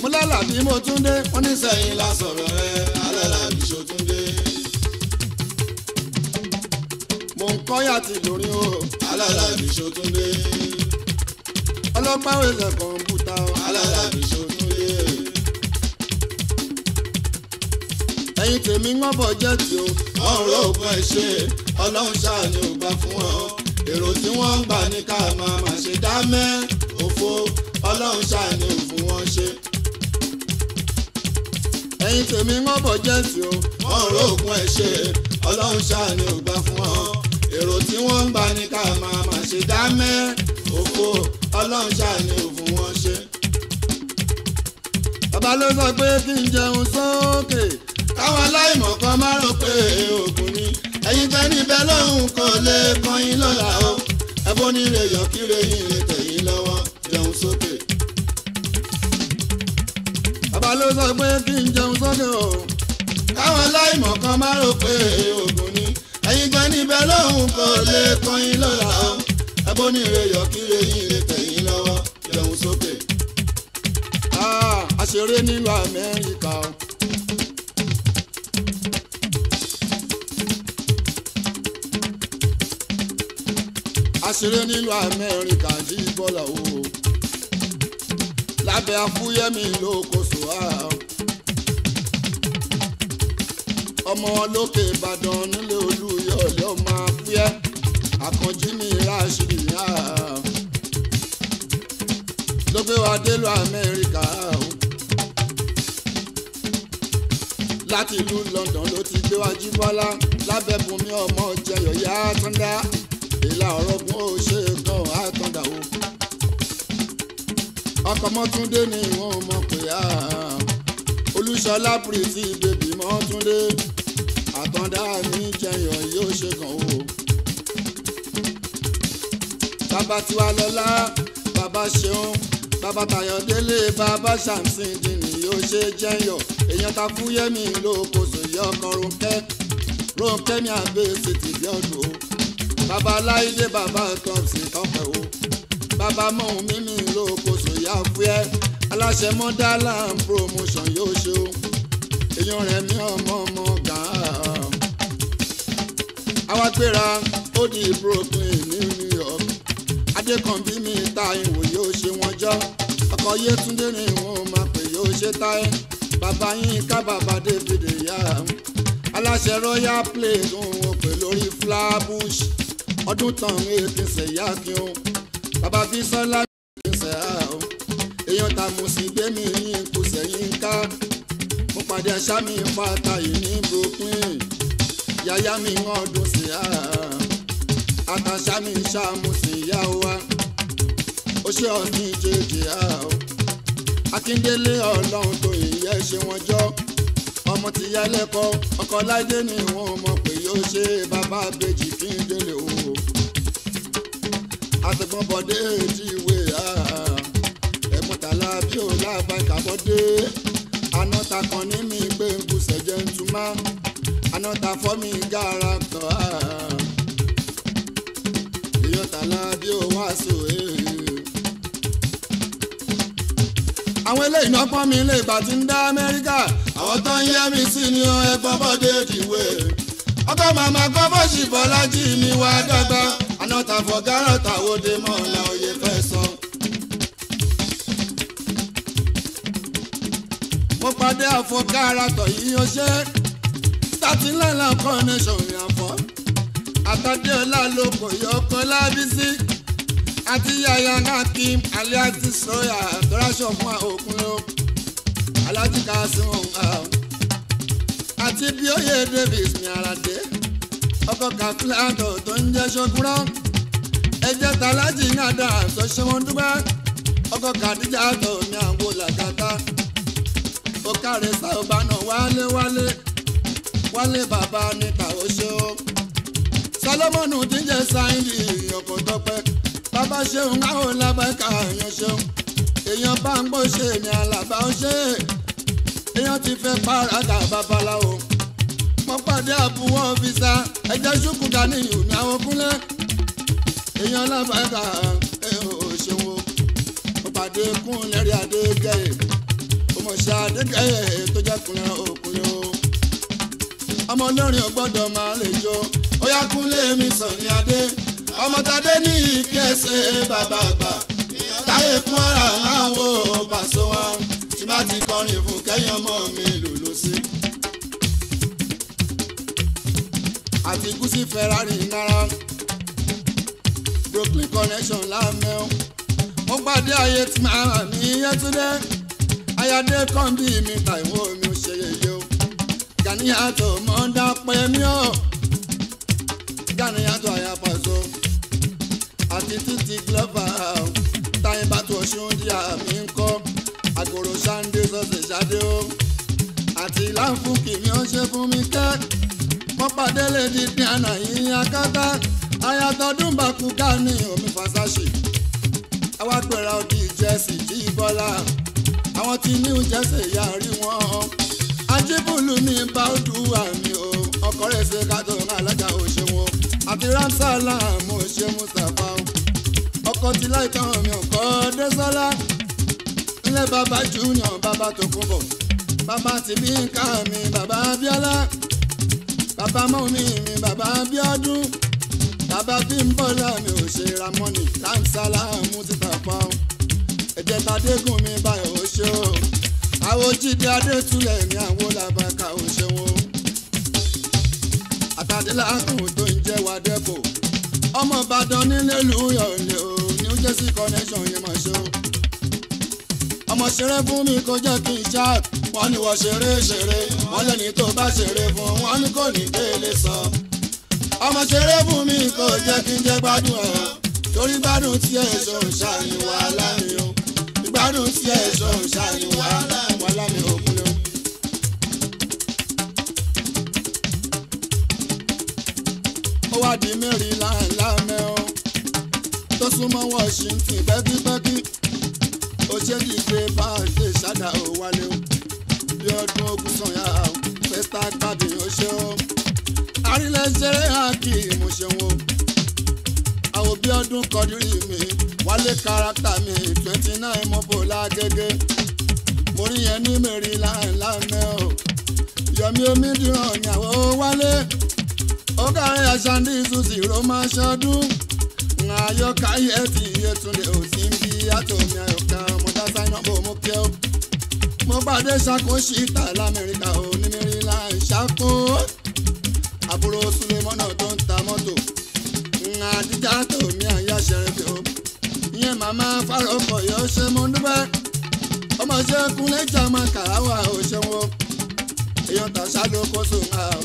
mo lálàbí mo tún dé wọ́n ní sẹ́yìn la sọ̀rọ̀ ẹ̀ alẹ́ làbí ṣòtún. kọ́yà ti lórí o. alálàbí Ṣótúndé. ọlọ́pàá òye kọ̀ǹpútà o. alálàbí Ṣótúndé. ẹ̀yin tèmi wọ́n bọ̀ jẹ́ ti o. ọ̀rọ̀ òkú ẹ̀ ṣe ọlọ́run ṣàánú ògbà fún ọ. èrò tí wọ́n ń gbà ní ká máa máa ṣe dá mẹ́ òfo ọlọ́run ṣàánú òfin wọn ṣe ẹ̀yin tèmi ń gbọ́ bọ̀ jẹ́sì o. wọ́n rò òkun ẹ̀ ṣe ọlọ́run ṣáà ni ò fún ọ èrò tí wọ́n ń gbà ní ká máa máa ṣe dá mẹ́ òfò ọlọ́run ṣàní òfò wọn ṣe. bàbá ló sọ pé kí n jẹun sókè káwọn aláìmọ̀ kan má rò pé òògùn ni ẹ̀yin tẹ́ níbẹ̀ lọ́hùn kò lè kan lọ́la o ẹ̀bùn nílé yọ̀kíre yín lè tẹ̀yìn lọ́wọ́ jẹun sókè. bàbá ló sọ pé kí n jẹun sókè o káwọn aláìmọ̀ kan má rò pé òògùn níbẹ̀ lọ́hùn kò lè kọyìn lọ́la o ẹbónire yọkire yìí lè tẹ̀yìn lọ́wọ́ lọ́hùn sókè. Ah, àṣeré nílùú Amẹ́ríkà o. àṣeré nílùú Amẹ́ríkà ní bọ́lá o. lábẹ́ afúyẹ́mi ló kóso àrùn ọmọ olókè ìbàdàn nílé olúyọ̀lé ọmọ apẹ́ àkànjí ní ìráṣìí ìyá ló gbé wa délùú amẹ́ríkà láti ìlú london ló ti gbé wa jí bọ́lá lábẹ́bùnmi ọmọ jẹyọ̀ yá àtúndá ìlà ọ̀rọ̀gùn ó ṣe gan àtúndà o ọkọ̀ mọ́túndé ni wọ́n mọ̀ pé ah, olúṣọlá pírìtì bèbí mọ́túndé àkàndá mi jẹyàn yóò ṣe kàn ó. bàbá tiwa lọ́lá bàbá ṣeun bàbá tayọ̀ délé bàbá ṣàǹsìn dìní yóò ṣe jẹyàn èèyàn ta fúyẹ́mì ló kò sòyí ọkọ ronke ronke mi àbẹ̀sẹ̀ tìbí ọdún o bàbá láìdé bàbá tọ́sí tọ́pẹ́ o bàbá mọ̀hún mímì ló kò sòyà fúyẹ́ aláṣẹ mọ́dálà promotion yóò ṣe o èèyàn rẹ̀ mí ọmọ ọmọ àwa gbéra ó di Brooklyn ní New York Adékànbí mi ta ìwò yóò ṣe wọn jọ ọkọ Yétúndé ni wọn ò máa pè yóò ṣe táyé bàbá yín ká bàbá David yá aláṣẹ royal place òun ò pè lórí Flatbush ọdún tán ètò ìṣẹ̀yà kí o bàbá fi sọ́lá ètò ìṣẹ̀yà o èèyàn ta mo sì gbé mi yín kò sẹ́yìn ká mo pàdé àṣà mi fata yìí ní Brooklyn yaya mi ng'odu siya atasha mi shamu siya wa oṣù ọ̀sìn jèjì á o akíndélé ọlọ́run tó ìyẹ́ ṣe wọn jọ ọmọ ti yá lẹ́kọ̀ọ́ ọkọ láìdé ni wọn mọ̀ pé yóò ṣe bàbá àbèjì kí n délé o àtẹ̀gbọ́n bọ̀dé èjì ìwé á ẹ̀mọ́tàlá bí ò lábàkà bọ́dé aná takàn ní mi gbé gùsẹ̀ jẹ́ ntúmá another for me character ah tell me o wá so ee. àwọn eléyìí náà pọ́n mi lè bá ti ń dá amẹ́ríkà àwọn tó ń yẹ́ mi sí ni ẹgbọ́n bọ́dé ìdìwé ọkọ màmá gbọ́ bó ṣì bọ́lájì mi wá dọ́gba anọ́ta fọ gárọ́ta òde mọ́ọ̀lá òye fẹ́ sọ. mo pàdé àfọkárà tọ̀ yíyan ṣẹ́ mr tinlẹ́la connection ìyàfọ́ àtàdéọlá ló kò yọ ọkọ lábísí àti yàyà nakim alias sọyà tọ́láṣọ fún òkun o alájí kásímù àti bíóyè davis ní àràdé ọkọ̀ kàkúlátọ̀ tó ń jẹ́ ṣokúrọ́ ẹjẹ́ tàlájì ní àdá àtọ́ṣẹ́mọ́dúgbà ọkọ̀ kàdíjà tọ̀ ní àwọn làkàtà ó kàrẹ́ sáà ọba náà wálé wálé wálé bàbá níta ó ṣe ó sọlọ́mọ́nù díje sáyẹ́ǹdì ọkọ̀ tọpẹ́ bàbá ṣeun káwọn lábẹ́ka èèyàn ṣeun èèyàn bá ń gbọ́ ṣe ní àlàbà ó ṣe èèyàn ti fẹ́ pàràkà babaláwo mo pàdé àbúwọ́ fisa ẹ̀jẹ̀ ṣùkúta ní ìhùn àwọn kúnlẹ̀ èèyàn lábẹ́ka èèyàn ò ṣeun o mo pàdé kún lẹ́rìí adé gẹ̀ẹ́ mo mọ̀ ṣe adé gẹ̀ẹ́ tó jẹ́ kúnlẹ̀ òkúnlẹ̀ o ọmọ olórin ọgbọ́dọ̀ máa lè jó Oya, kúnlé mi sàn ní adé ọmọ tadé ní ìkẹsẹ̀ bàbá àgbà táyé fún ara láwọn ò pàṣẹ wa tí bá ti kọrin fún kẹ́yìn ọmọ mi lòlò sí. àti gúúsì Ferrari náírà Brooklyn connection lámẹ́ọ́ mo pàdé ayé tí màá ní yẹtúndé ayáde kọ́ńbí mi tàìwọ́ mi Gàníyàtò mọ́ dápẹ́ mí ọ́ Gàníyàtò àyàpàṣọ àti títí glọ́fà táyé bá tó ṣó ń di àmì ń kọ́ àgòrò sáńdé sọ́sẹ̀ ṣáde ó àti láǹfù kìmí ó ṣe fún mi kẹ́ mọ́ pàdé lè di dín àná yín akátá ayatọ́dún bàkú ká ní omi fàṣàṣì àwa pẹ̀lú ọdí jẹ́sì jí bọ́lá àwọn tí new jersey yà rí wọn àjíbùlù mi bá ó dùn àmì o ọkọ rẹ̀ ṣe kájọ alájà ò ṣeun àti ramsala mo ṣe mustapha ọkọ ti láìka hàn mi ọkọ dẹ́sọ́lá nílẹ̀ bàbá junior bàbá tó kún bọ̀ bàbá ti bí nǹka mi bàbá abíọ́lá bàbá mọ́mí mi bàbá abíọ́dún bàbá bí ń bọ̀ láàmì ò ṣe ra mọ́nì ramsala mo ti mi báyọ̀ ó àwọn jíde adétúlẹ̀ ní àwọn làbàkà ò àtàdínláàkùn tó ń jẹ́ wà dẹ́kọ̀ ọmọ ìbàdàn nílẹ̀lùú yọ̀ọ̀lẹ̀ o new jersey connection yẹn máa ṣe o ọmọ ṣeré fún mi kò jẹ́ kí n ṣáà wọ́n ní wọ́n ṣeré ṣeré wọ́n lẹ́ni tó bá ṣeré fún wọn ní kò ní délé sọ ọmọ ṣeré fún mi kò jẹ́ kí n jẹ́ gbádùn ẹ̀ torí gbádùn tí ẹ̀ ṣòǹṣà ni wàhálà ni o gbádùn tí ẹ̀ ṣòǹṣà ni wàhálà wàhálà ní ogun lọ. ó wá di mẹ́rin láńlá mẹ́ọ́ Washington pẹ́kípẹ́kí ó ṣe di pé báńdé ṣáda ò wálé o bí ọdún ogun sanya fẹ́tà gbàdé ó ṣe o arílẹ̀ṣẹ̀rẹ̀ àkì twenty nine mọ́bò lágége orí yẹn ní mèrì láńláńmẹ́ o yọ̀mí omi dìran ìyàwó wálé ó kárí aṣáájú ìtúsí roma ṣọdún ayọ káyé ti yẹtúndé òsì ń bí àtòmí ayọ̀kan mọ́tà sáyẹn bò mú kí ó mo pàdé ṣàkóṣì ìta lamẹ́ríkà ò ní mẹ́rìnlá ìṣàkó àbúrò sulemọ́nà tó ń ta mọ́tò àdìjà tòmí àyà ṣẹ̀rẹ̀ tó ìyẹn màmá fárọ́pọ̀ yọ ṣe mo dúpẹ́ ọmọ ṣẹ́kun lẹ́jà máa kà á wà ó ṣeun o èèyàn tàṣà ló kó sùn á o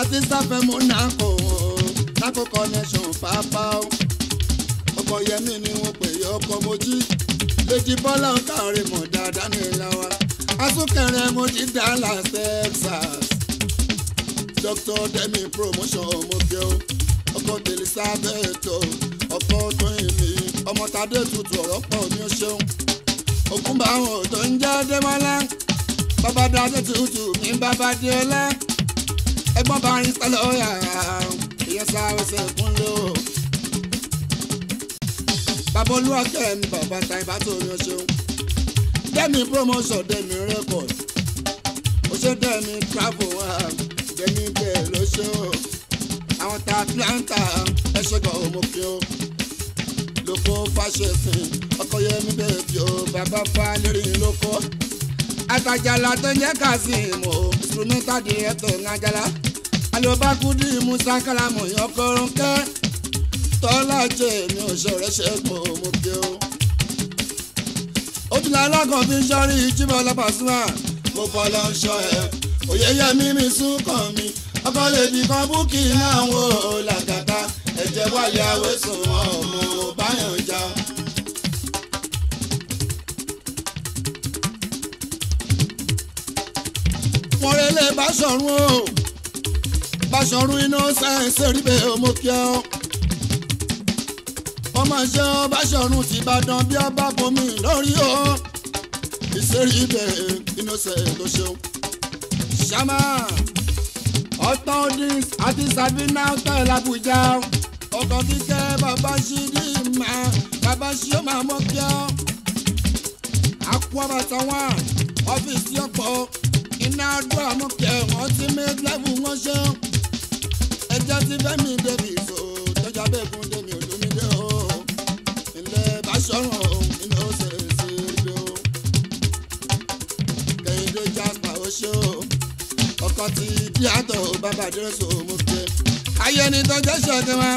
àti sáfẹ́ mú nàkó o nàkó connection pápá o ọkọ yẹmi ni wọn pè yọ ọkọ mojí lèdi bọ́lá ọ̀kàrẹ̀ mọ̀ dáadáa ní ìlà wa asúnkẹrẹ mojí Dallas Texas Dr. Demi promotion ọmọge o ọkọ tèlésà bẹ́ẹ̀ tó ọkọ tó yìí mi ọmọ tàdé tutù ọ̀rọ̀ pọ̀ ní o ṣeun ògúnbà àwọn òtò ń jẹ́ démọ́lá bàbáda tó tutù ní bàbá déọlá ẹgbọ́n bá rin sálọ ọ̀yà ìyẹn sáré sẹ́kún ló. bàbá olúwa kẹ́mi bàbá tàìbá tó ní oṣù dẹ́mi promotion dẹ́mi record oṣù dẹ́mi travel dẹ́mi bẹ́ẹ̀ lóṣù àwọn ta atlanta ẹ̀ṣẹ̀gbọ́n òmùkí o lóko fàṣẹsìn ọkọyẹmí bèbí o bàbá fálérí lóko. àtàjàlá tó jẹ́ kazeem o mùsùlùmí tàdí ẹ̀tọ́ ńlájàlá. alobakudi musa kalamu ọkọrùnkẹ́ tọ́lájẹ́ mi ò ṣọ̀rẹ́ ṣẹ́gun mo kí o. ojúlá alákan fi ń sọ́rí jíbọ̀ lọ́pàṣúmà mo fọ́ lọ sọ ẹ̀ òye yẹmi mi sún kàn mí ọkọ̀ lè fi búkì náà wò ó làkàtà ẹ̀jẹ̀ wáyà wẹ́sùn ọmọ báyọ̀ já. mọ̀rẹ́lẹ̀ Báṣọ̀run o Báṣọ̀run iná sáyẹ̀nsì ríbẹ̀ ọmọ kíá o ọmọ ìṣe Báṣọ̀run ti Ìbàdàn bí ọba bomi lórí o ìṣèrí ibẹ̀ iná sẹ̀ ló ṣeun. ṣámá ọ̀tọ̀ ọdún àti Sabina hotel Abuja o ọkàn kíkẹ́ bàbá ṣí ní ìmọ̀ bàbá ṣí ó máa mọ́ kíá. àpò bàtà wà ọ́fíìsì ọ̀pọ̀ iná àdúrà mọ́ kíá ti méjì lẹ́fù wọ́n ṣe. ẹjẹ́ ti Fẹ́mi Davis o tọ́jà bẹ́ẹ̀ fún Dèmí Olúmídé o ilé bá ṣọ̀rọ̀ o ilé ó ṣe é sí ìlú. Kẹ́hìndé Jasper ó ṣe o ọkọ̀ ti díàtọ̀ bàbá dẹ́rẹ́sọ̀ mọ́ kíá ayé ni tọ́jọ́ ṣẹ́gun wa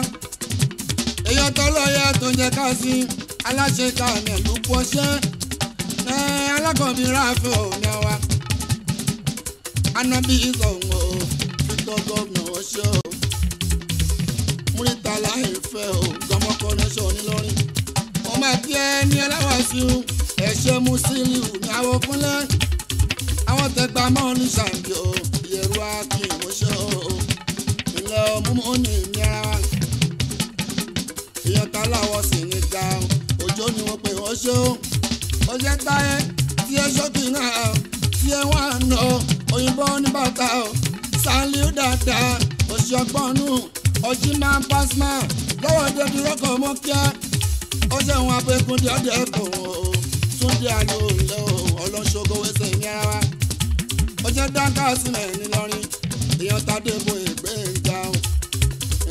èyí ọ̀tọ̀ lọ́ọ̀yà tó yẹ ká sí aláṣẹ ta mẹ̀lú pọ́ṣẹ́ ẹ alákọ̀ọ́bí ráfẹ́ òun wa anabi ìsọ̀hún o tó gómìnà ọṣẹ́ o múrítà láìfẹ́ o gbọmọkọ̀ọ́nà ṣọ nílọrin mo máa kí ẹ ní ẹláwàásù ẹ̀ṣẹ̀ musiliu ní àwọn fúnlẹ̀ àwọn tẹgbà mọ́ ní sàǹdì o ìyẹ̀rù akin ìmọ̀ṣẹ́ o ìlẹ̀ ọmọ ní ìní èèyàn kan láwọ̀ sì ní ga òjò ni wọ́n pè ó ṣeun ó ṣe táyé tí ẹ ṣókì náà tí ẹ wà nà òyìnbó ní bàtà sálíù dáadáa òṣì ọgbọ́nù ọjí máa ń pásímà lọ́wọ́ débi rọ́kọ̀ mọ́ kíá ó wọn abẹ́kùn díẹ̀ díẹ̀ kò ó túndé ayò ìlẹ̀ ọlọ́ṣogbo wẹ́sẹ̀ ní ara wa ó ṣe dáńkà sílẹ̀ ńìlọrin èèyàn tàdé bo ìgbẹ́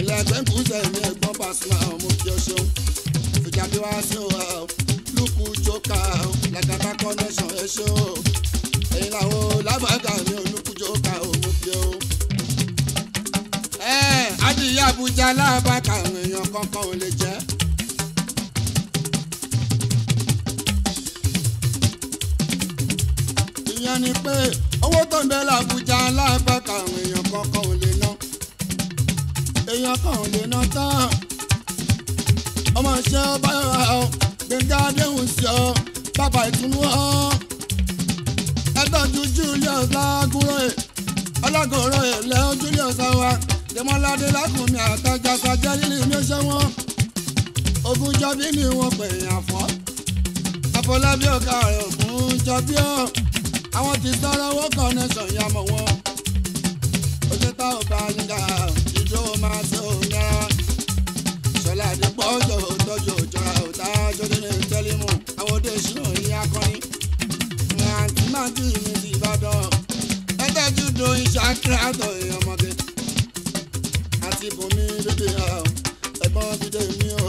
ilẹ̀ tẹ́ǹkù sẹ́yìn ẹ̀gbọ́n Pasuma ọmọ kí o ṣeun ìjàdí wá sí o lùkù jókà làgàbà connection ẹ ṣe o èyí làwọn olábàgà ní olùkù jókà ọmọ kí o. ẹ adìyẹ Àbújá lábàkà èèyàn kankan ò lè jẹ́. ìyẹn ni pé owó tó ń bẹ l'Àbújá lábàkà èèyàn kankan ò lè èèyàn kan ò lè ná tán. ọmọ iṣẹ́ báyọ̀ ọ gbẹ̀ngà déhùn sí ọ bàbá ìtùnú ọ. ẹgbẹ́jú Julius lágúnrẹ́ ọlọ́gọ̀ọ́rọ̀ ẹ̀lẹ́ Julius àwa dèmọ́ládé lákùnmí àtàjàsà jẹ́rìlì iléeṣẹ́ wọn. Ògúnjọbí ni wọ́n pè é àfọ́. Afọlábí ọ̀gá rẹ̀ Ògúnjọbí ọ̀ àwọn ti sọ̀rọ̀ owó connection yàmọ̀ wọn. Ó ṣe tá ò bá yín dáa. pọ̀ ọjọ́ òtọ́jọ́ òjọra òtá jọjọ́ ní tẹ́lẹ̀mù àwọn òde ìṣúná ilé akọni. àǹtí máa ti mi ti Ìbàdàn ẹ̀ẹ́dẹ́jú do ìṣàkíra àtọ̀ ìyọmọge. àti bùnmi bèbè ọ̀ ẹ̀gbọ́n dídé mi o.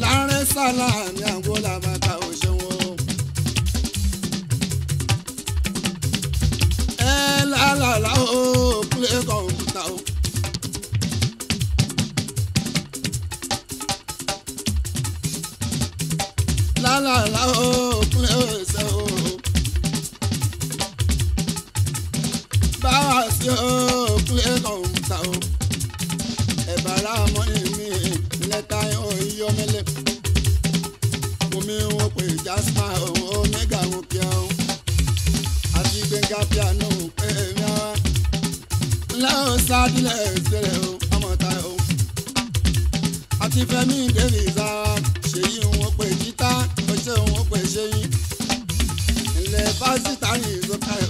láàrin sálà ní àgọ́lá bàtà òṣèwọ̀n. la la la oh play go la la oh. 巴西打米，你看。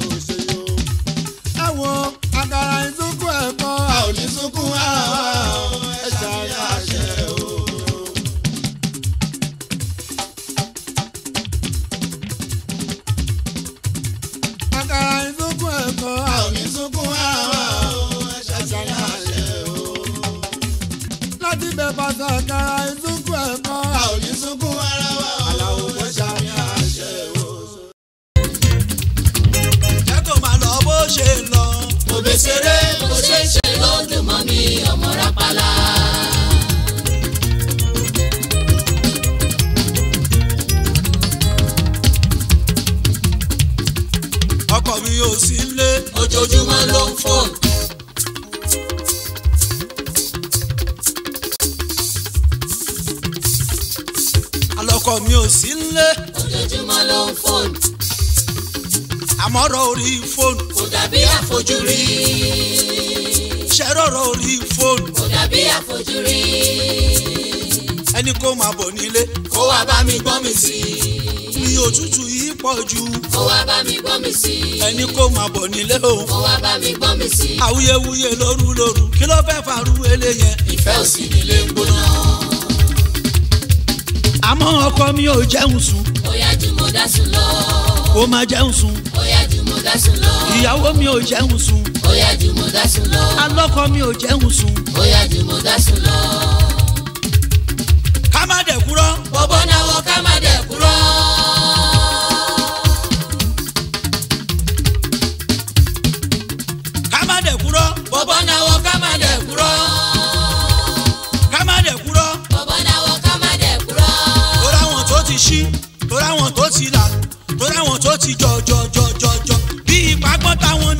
pọ̀ jù. ó wá bá mi gbọ́ mi sí. ẹni kò máa bọ̀ nílé òun. ó wá bá mi gbọ́ mi sí. awuyewuye lóru lóru kí ló fẹ́ faru eléyẹn. ìfẹ́ ò sí nílé ń gbóná. àmọ́ ọkọ mi ò jẹun sùn. ó yá mo dá sùn lọ. ó máa jẹun sùn. ó yá mo dá sùn lọ. ìyàwó mi ò jẹun sùn. ó yá mo dá sùn lọ. alọ́kọ mi ò jẹun sùn. ó yá mo dá sùn lọ. dẹ̀ kúrọ́. bọ̀bọ̀ náwó ká má dẹ̀ kúrọ́. ká má dẹ̀ kúrọ́. bọ̀bọ̀ náwó ká má dẹ̀ kúrọ́. tóra wọn tó ti ṣí tóra wọn tó ti là tóra wọn tó ti jọjọjọjọjọ bí ìpàgbọ́n táwọn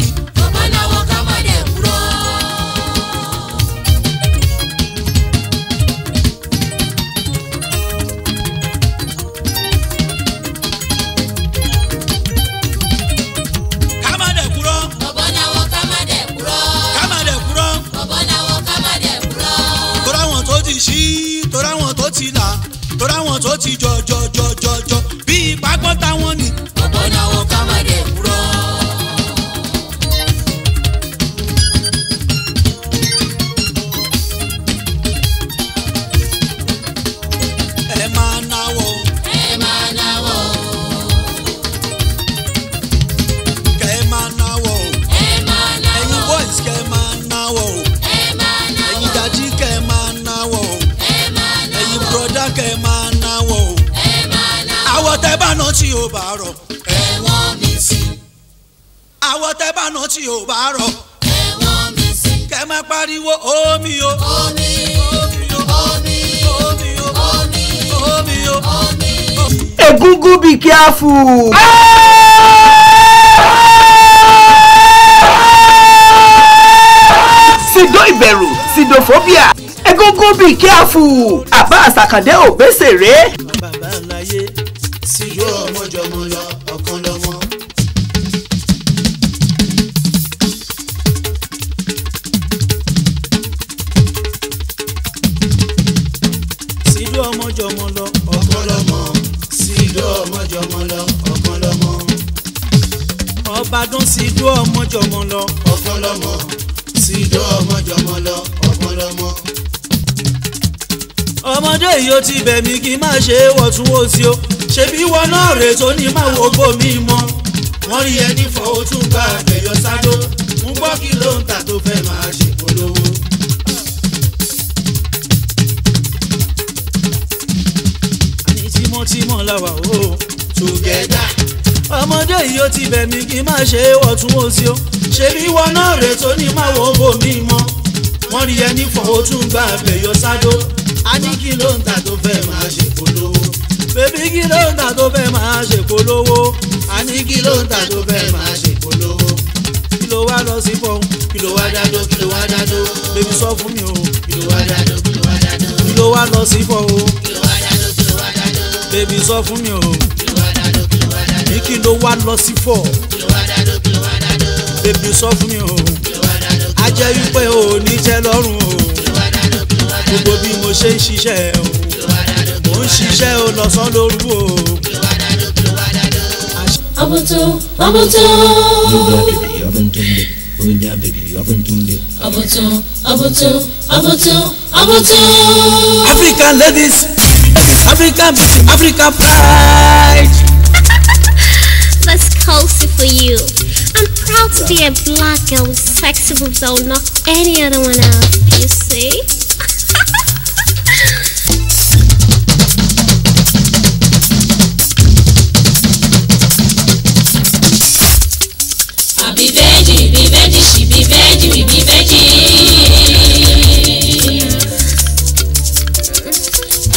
powerful. sido ìbẹ̀rù sidophobia egungun bíi careful àbá àsàkàndé òbẹ́sẹ̀rẹ́ tún sí ijó ọmọ jọmọ lọ. ọ̀kan lọ́mọ sí ijó ọmọ jọmọ lọ ọ̀kan lọ́mọ. ọmọdé yìí ó ti bẹ̀ mí kí n má ṣe é wọ̀tún wò sí o ṣebí wọn náà rè tó ní má wo bòmí mọ́. wọ́n rí ẹni fọ́ ó bá àgbẹ̀yọ sádó mú gbọ́ kí ló ń ta tó fẹ́ máa ṣèpolówó. tímọ́tímọ́ làwà ó eléyìí ó ti bẹ̀ mí kí n má ṣe ọ̀tún òsì o ṣebí wọn náà rẹ̀ tó ní má wọ́n bò mí mọ́ wọ́n rí ẹni fọ̀ ó tún gba àbẹ̀yọ sádó a ní kí ló ń ta tó fẹ́ máa ṣe polówó bébí kí ló ń ta tó fẹ́ máa ṣe polówó a ní kí ló ń ta tó fẹ́ máa ṣe polówó kí ló wá lọ sí fọ́n kí ló wá dájọ́ kí ló wá dájọ́ bébí sọ fún mi o kí ló wá dájọ́ kí ló wá dájọ́ kí ló wá lọ sí fọ́n o kí ló wá dájọ́ kí ló wá dájọ́ bébí sọ fún mi o kí ló wá lọ sí fọ́. bèbí sọ fún mi o a jẹ́ wípé o ní jẹ́ lọ́rùn o gbogbo bí mo ṣe ń ṣiṣẹ́ o mo ń ṣiṣẹ́ o lọ́sàn lóru o. ọ̀bùntún ọ̀bùntún. yóò bá bèbí ọ̀bùntún lè oúnjẹ bèbí ọ̀bùntún lè. ọ̀bùntún African ladies African African pride. cozy for you. I'm proud to be a black girl with sexy boobs that will knock any other one out, you see? i be veggie, be veggie, she be veggie, we be veggie.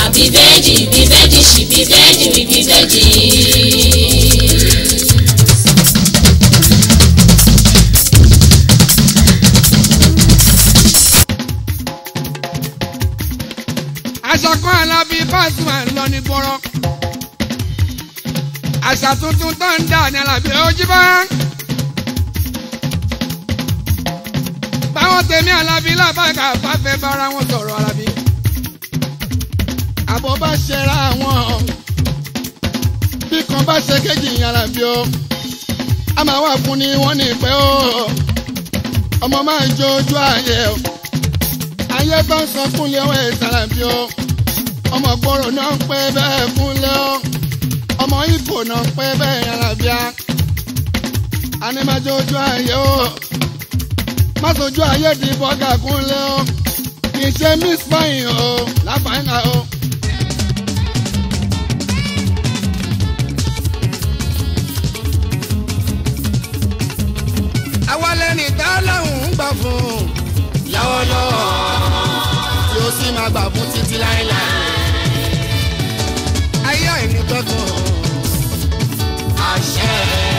i be veggie, be veggie, she be veggie, we be veggie. Fúlàní Àlàbí ó jí bá. báwọn tèmi Àlàbí làbàkà bá fẹ́ bára wọn sọ̀rọ̀ Àlàbí. àbọ̀ bá ṣẹra wọn bí kan bá ṣe kéjì Àlàbí o a máa wà fún ni wọ́n ní pẹ́ o ọmọ máa ń jó ojú ààyè o ayé bá ń sọ fúnlé ọwọ́ ìsàlàbí o ọmọ gbòòrò náà ń pẹ́ bẹ́ẹ̀ fúnlé o ọmọ ibo náà pé bẹ́ẹ̀ yàrá bíá animájọ ojú ayé o má sojú ayé di bọ́gà kúnlẹ̀ o kì í ṣe miss fine o láfàáńgà o. àwa lẹni tá lọ́hùn ún gbà fún un lọ́wọ́lọ́wọ́ tí ó sì máa gbà fún títí láéláé. Yeah.